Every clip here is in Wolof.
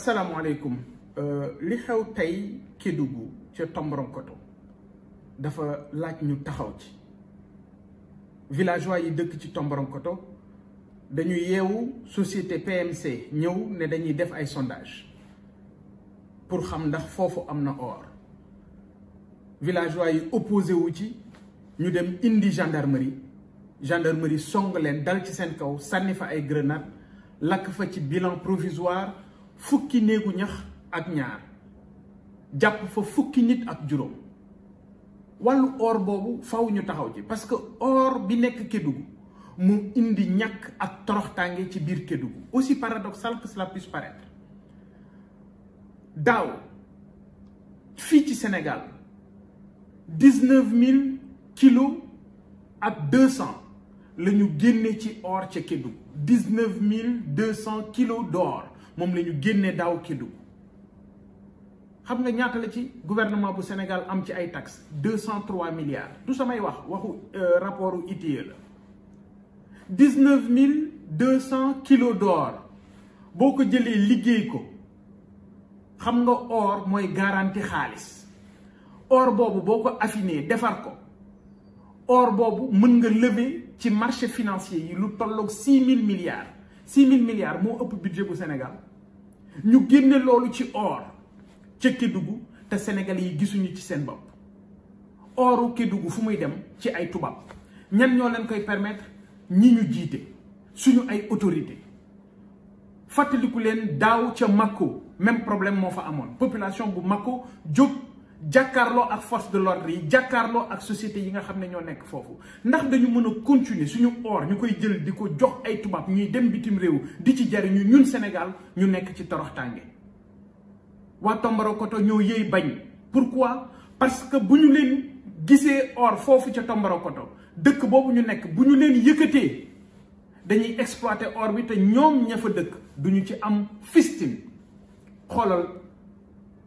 asalaamualeykum euh, li xew tey Kédougou ca Tomboronkoto dafa laaj ñu taxaw ci villageois yi dëkk ci Tomboronkoto dañu yewu société PMC ñew ne dañuy def ay sondage pour xam ndax fofu amna or villageois yi opposé wu ci ñu dem indi gendarmerie gendarmerie song leen dal ci sen kaw sanni fa ay grenade lakk fa ci bilan provisoire Fou qui n'est qu'un homme et une femme. D'après Fou qui n'est qu'un Parce que l'or qui est un homme et une femme, il est un homme et une Aussi paradoxal que cela puisse paraître. D'ailleurs, Fiti Sénégal, 19 000 kilos et 200. Le nous guérirait en or et en 19 200 kilos d'or mom lañu génné daw kédu xam nga ñaata la ci gouvernement du Sénégal am ci ay taxes 203 milliards tout ça c'est wax waxu euh, rapport ITE la 19 200 kilos d'or boko jëlé liggéey ko xam nga or moy garantie khalis or bobu boko affiné défar ko or bobu mën nga lever ci marché financier yi lu 6 000 milliards 6 000 milliards c'est le budget bu Sénégal ñu génne l'or, ci or ca Kédougou Sénégalais Sénégal yi oru Kédougou fu dem ci ay ñan qui permettre ñi ñu suñu ay autorité Mako même problème la population bu Mako jakarlo ak force de l'ordre yi jakarlo ak société yi nga xamné ño nek fofu ndax dañu mëna continuer suñu or ñukoy jël diko jox ay tubab ñuy dem bitim réew di ci ñu ñun Sénégal ñu nek ci torox wa waa koto ño yey bañ pourquoi parce que buñu leen gisé or fofu ca koto dëkk bobu ñu nek buñu leen yëkëté dañuy exploiter or bi te ñom ñafa duñu ci am fistine xolal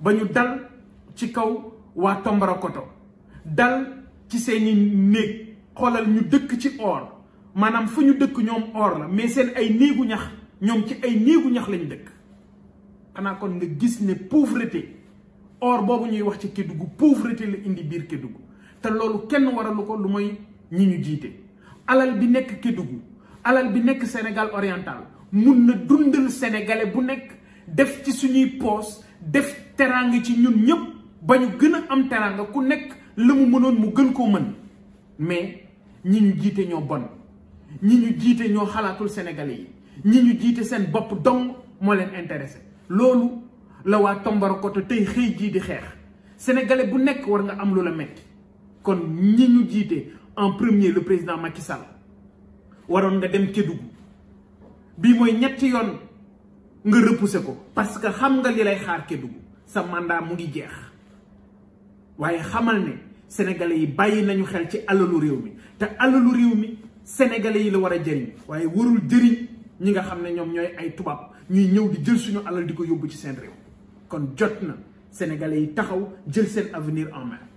ba ñu dal ci kaw waa Tombarokoto dal ci seeni néeg xoolal ñu dëkk ci or maanaam fu ñu dëkk ñoom or la mais seen ay néegu ñax ñoom ci ay néegu ñax lañu dëkk xanaa kon nga gis ne pauvreté or boobu ñuy wax ci Kédougou pauvreté la indi biir Kédougou te loolu kenn waralu ko lu mooy ñi ñu jiite alal bi nekk Kédougou alal bi nekk Sénégal oriental mun na dundal sénégalais bu nekk def ci suñuy poos def teranga ci ñun ñëpp bañu gëna am teranga ku nekk la mu mënoon mu gën ko mën mais ñi ñu jité ño bon ñi ñu jité ño xalaatul sénégalais yi ñi ñu jité sen bop dong mo leen intéressé lolu la ko te tay xey ji di xex sénégalais bu nekk war nga am lu la metti kon ñi ñu jité en premier le président Macky Sall waron nga dem dug bi moy ñetti yoon nga repousser ko parce que xam nga li lay xaar Kédougou sa mandat mu ngi jeex waaye xamal ne sénégalais yi bàyyi nañu xel ci alalu réew mi te alalu réew mi sénégalais yi la war a jëriñ waaye warul jëriñ ñi nga xam ne ñoom ñooy ay tubaab ñuy ñëw di jël suñu alal di ko yóbbu ci seen réew kon jot na sénégalais yi taxaw jël seen avenir en main